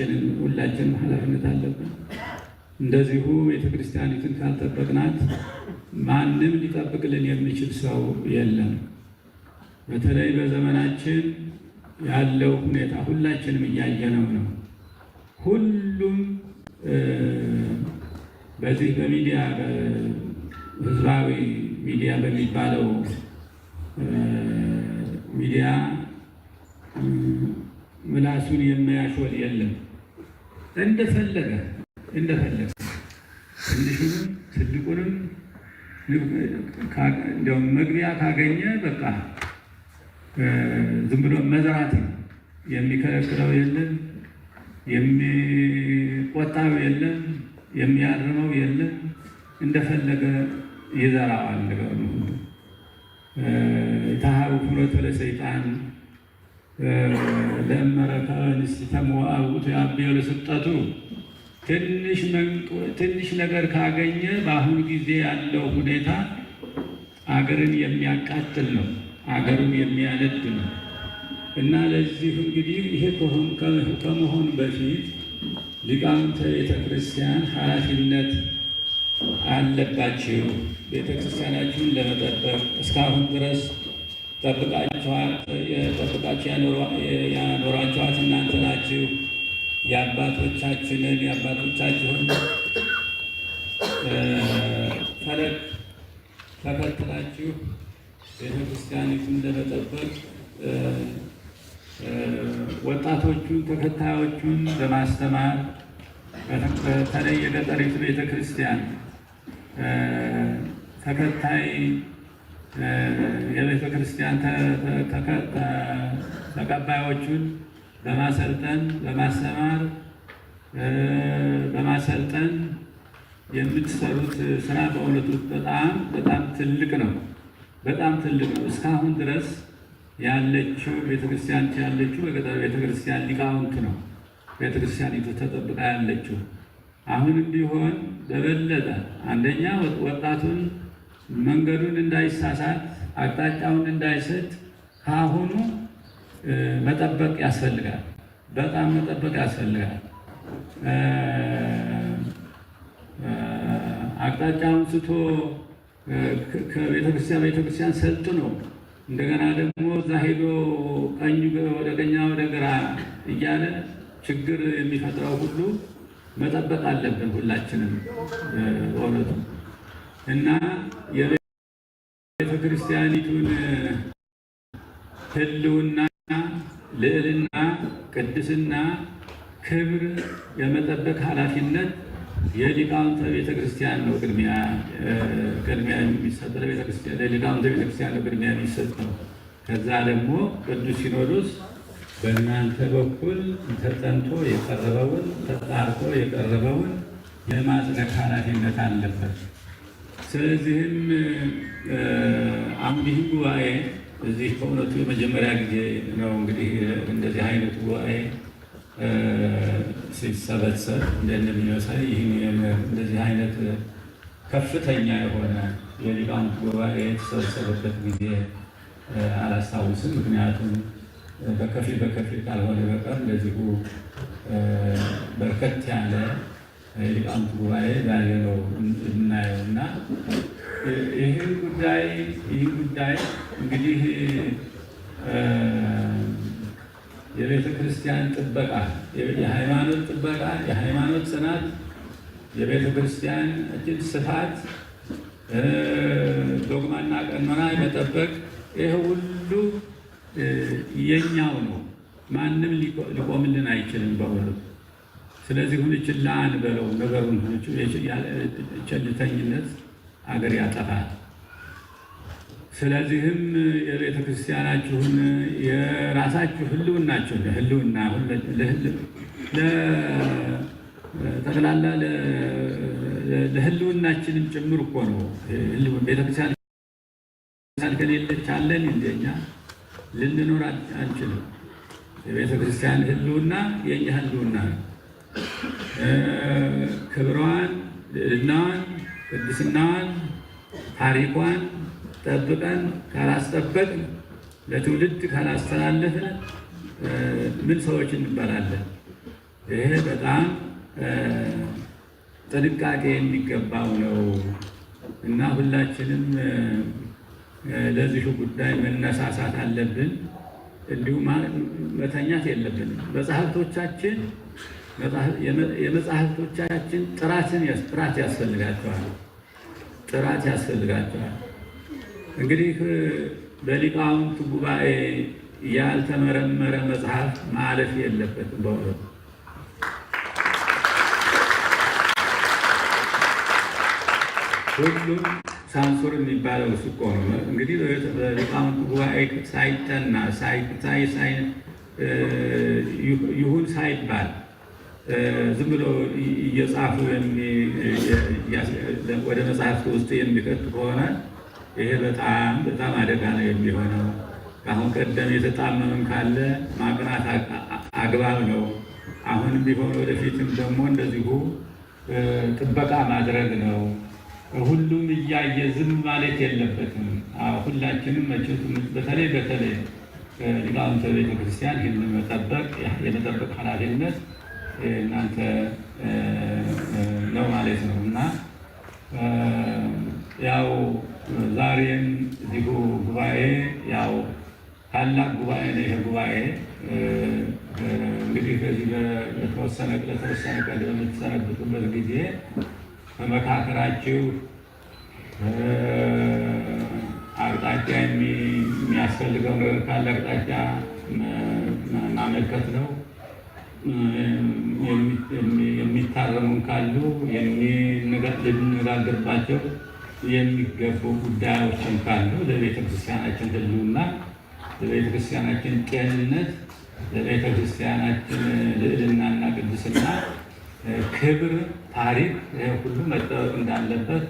ሁላችንም ሁላችንም ኃላፊነት አለብን። እንደዚሁ ቤተክርስቲያኒቱን ካልጠበቅናት ማንም ሊጠብቅልን የሚችል ሰው የለም። በተለይ በዘመናችን ያለው ሁኔታ ሁላችንም እያየነው ነው። ሁሉም በዚህ በሚዲያ በህዝባዊ ሚዲያ በሚባለው ሚዲያ ምላሱን የሚያሾል የለም። እንደፈለገ እንደፈለገ ትንሹንም ትልቁንም እንዲያውም መግቢያ ካገኘ በቃ ዝም ብሎ መዝራት የሚከለክለው የለም፣ የሚቆጣው የለም፣ የሚያርመው የለም። እንደፈለገ ይዘራዋል። ተሃሩ ፍኖተ ለሰይጣን ለእመረታ ንስተ መዋዕውቱ የአብዮ ትንሽ ነገር ካገኘ በአሁኑ ጊዜ ያለው ሁኔታ አገርን የሚያቃጥል ነው፣ አገርን የሚያነድ ነው እና ለዚህ እንግዲህ ይሄ ከመሆን በፊት ሊቃውንተ ቤተ ክርስቲያን ኃላፊነት አለባችሁ ቤተ ክርስቲያናችሁን ለመጠበቅ እስካሁን ድረስ ጠብቃችሁ ያኖራችኋት እናንተ ናችሁ። የአባቶቻችንን የአባቶቻችሁን ፈለግ ተከትላችሁ ቤተክርስቲያኒቱን ለመጠበቅ ወጣቶቹን ተከታዮቹን በማስተማር በተለይ የገጠሪቱ ቤተክርስቲያን ተከታይ የቤተ ክርስቲያን ተቀባዮቹን በማሰልጠን በማሰማር በማሰልጠን የምትሰሩት ስራ በእውነቱ በጣም በጣም ትልቅ ነው። በጣም ትልቅ ነው። እስካሁን ድረስ ያለችው ቤተክርስቲያን ያለችው በገጠር ቤተክርስቲያን ሊቃውንት ነው ቤተክርስቲያኒቱ ተጠብቃ ያለችው። አሁንም ቢሆን በበለጠ አንደኛ ወጣቱን መንገዱን እንዳይሳሳት፣ አቅጣጫውን እንዳይስት ከአሁኑ መጠበቅ ያስፈልጋል። በጣም መጠበቅ ያስፈልጋል። አቅጣጫውን ስቶ ከቤተክርስቲያን ቤተክርስቲያን ነው እንደገና ደግሞ እዛ ሄዶ ቀኝ ወደ ቀኛ ወደ ግራ እያለ ችግር የሚፈጥረው ሁሉ መጠበቅ አለብን ሁላችንም በእውነቱ እና የቤተ ክርስቲያኒቱን ሕልውና፣ ልዕልና፣ ቅድስና፣ ክብር የመጠበቅ ኃላፊነት የሊቃውንተ ቤተ ክርስቲያን ነው። ቅድሚያ ቅድሚያ የሚሰጥ ለሊቃውንተ ቤተ ክርስቲያን ነው ቅድሚያ የሚሰጥ ነው። ከዛ ደግሞ ቅዱስ ሲኖዶስ በእናንተ በኩል ተጠንቶ የቀረበውን ተጣርቶ የቀረበውን የማጽደቅ ኃላፊነት አለበት። ስለዚህም አሁን ይህን ጉባኤ እዚህ በእውነቱ የመጀመሪያ ጊዜ ነው እንግዲህ እንደዚህ አይነት ጉባኤ ሲሰበሰብ እንደ እንደሚመሳይ ይህን እንደዚህ አይነት ከፍተኛ የሆነ የሊቃውንት ጉባኤ የተሰበሰበበት ጊዜ አላስታውስም። ምክንያቱም በከፊል በከፊል ካልሆነ በቀር እንደዚሁ በርከት ያለ ሊቃውንት ጉባኤ ዛሬ ነው የምናየው እና ይህን ጉዳይ ይህ ጉዳይ እንግዲህ የቤተ ክርስቲያን ጥበቃ፣ የሃይማኖት ጥበቃ፣ የሃይማኖት ጽናት፣ የቤተ ክርስቲያን እጅግ ስፋት፣ ዶግማና ቀኖና መጠበቅ ይህ ሁሉ የኛው ነው። ማንም ሊቆምልን አይችልም በሁሉም ስለዚህ ሁን ችላ አንበለው ነገሩን ቸልተኝነት አገር ያጠፋል። ስለዚህም የቤተ ክርስቲያናችሁን የራሳችሁ ህልውናችሁን ህልውና ጠቅላላ ለህልውናችንም ጭምር እኮ ነው። ቤተክርስቲያን ከሌለች አለን እንደኛ ልንኖር አንችልም። የቤተክርስቲያን ህልውና የእኛ ህልውና ነው። ክብሯን፣ ልዕልናዋን፣ ቅድስናዋን፣ ታሪኳን ጠብቀን ካላስጠበቅን ለትውልድ ካላስተላለፍን ምን ሰዎች እንባላለን? ይሄ በጣም ጥንቃቄ የሚገባው ነው እና ሁላችንም ለዚሁ ጉዳይ መነሳሳት አለብን። እንዲሁም መተኛት የለብንም። መጽሐፍቶቻችን የመጽሐፍቶቻችን ጥራትን ጥራት ያስፈልጋቸዋል። ጥራት ያስፈልጋቸዋል። እንግዲህ በሊቃውንት ጉባኤ ያልተመረመረ መጽሐፍ ማለፍ የለበትም። በእውነት ሁሉም ሳንሱር የሚባለው እሱ እኮ ነው። እንግዲህ በሊቃውንት ጉባኤ ሳይጠና ይሁን ሳይባል ዝም ብሎ እየጻፉ ወደ መጽሐፍት ውስጥ የሚከቱ ከሆነ ይሄ በጣም በጣም አደጋ ነው የሚሆነው። ከአሁን ቀደም የተጣመመም ካለ ማቅናት አግባብ ነው። አሁንም ቢሆን ወደፊትም ደግሞ እንደዚሁ ጥበቃ ማድረግ ነው። ሁሉም እያየ ዝም ማለት የለበትም። ሁላችንም መቼም በተለይ በተለይ ሊቃውንተ ቤተክርስቲያን ይህን መጠበቅ የመጠበቅ ኃላፊነት እናንተ ነው ማለት ነው እና ያው ዛሬም እዚሁ ጉባኤ ያው ታላቅ ጉባኤ ነው ይሄ ጉባኤ እንግዲህ በዚህ በተወሰነ ለተወሰነ ቀን በምትሰነብቱበት ጊዜ በመካከራችሁ አቅጣጫ የሚያስፈልገው ነገር ካለ አቅጣጫ ማመልከት ነው። የሚታረሙን ካሉ ልንነጋገርባቸው የሚገቡ ጉዳዮችን ካሉ ለቤተክርስቲያናችን ህልውና ለቤተክርስቲያናችን ጤንነት፣ ለቤተክርስቲያናችን ልዕልናና ቅድስና ክብር፣ ታሪክ ሁሉ መጠበቅ እንዳለበት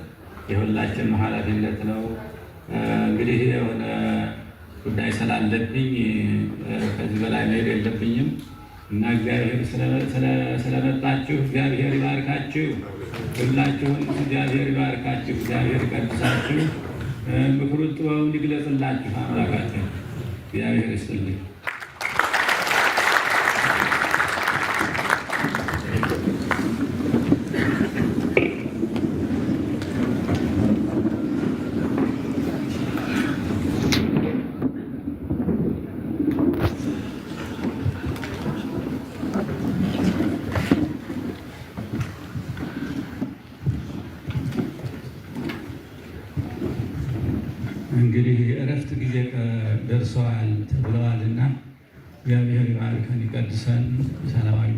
የሁላችን ኃላፊነት ነው። እንግዲህ የሆነ ጉዳይ ስላለብኝ ከዚህ በላይ መሄድ የለብኝም። እና እግዚአብሔር ስለመጣችሁ እግዚአብሔር ይባርካችሁ። ሁላችሁን እግዚአብሔር ይባርካችሁ። እግዚአብሔር ይቀድሳችሁ። ምክሩን ጥበቡን ይግለጽላችሁ። አምላካችን እግዚአብሔር ይስጥልኝ። Sen, Salam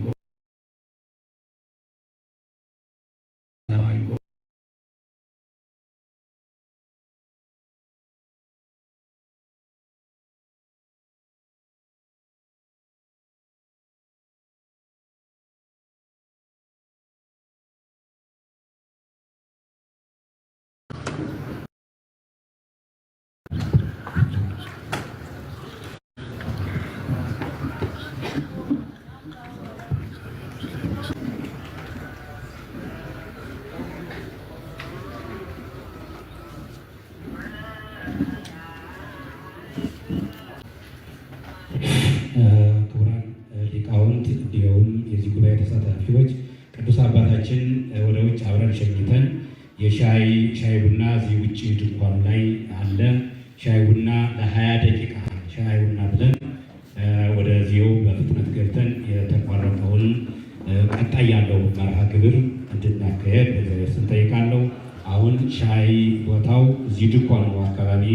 ክቡራን ሊቃውንት እንዲሁም የዚህ ጉባኤ ተሳታፊዎች ቅዱስ አባታችን ወደ ውጭ አብረን ሸኝተን የሻይ ሻይ ቡና እዚህ ውጭ ድንኳኑ ላይ አለ። ሻይ ቡና ለሀያ ደቂቃ ሻይ ቡና ብለን ወደዚሁ በፍጥነት ገብተን የተቋረጠውን ቀጣይ ያለው መርሃ ግብር እንድናካሄድ ስንጠይቃል። የድንኳኑ አካባቢ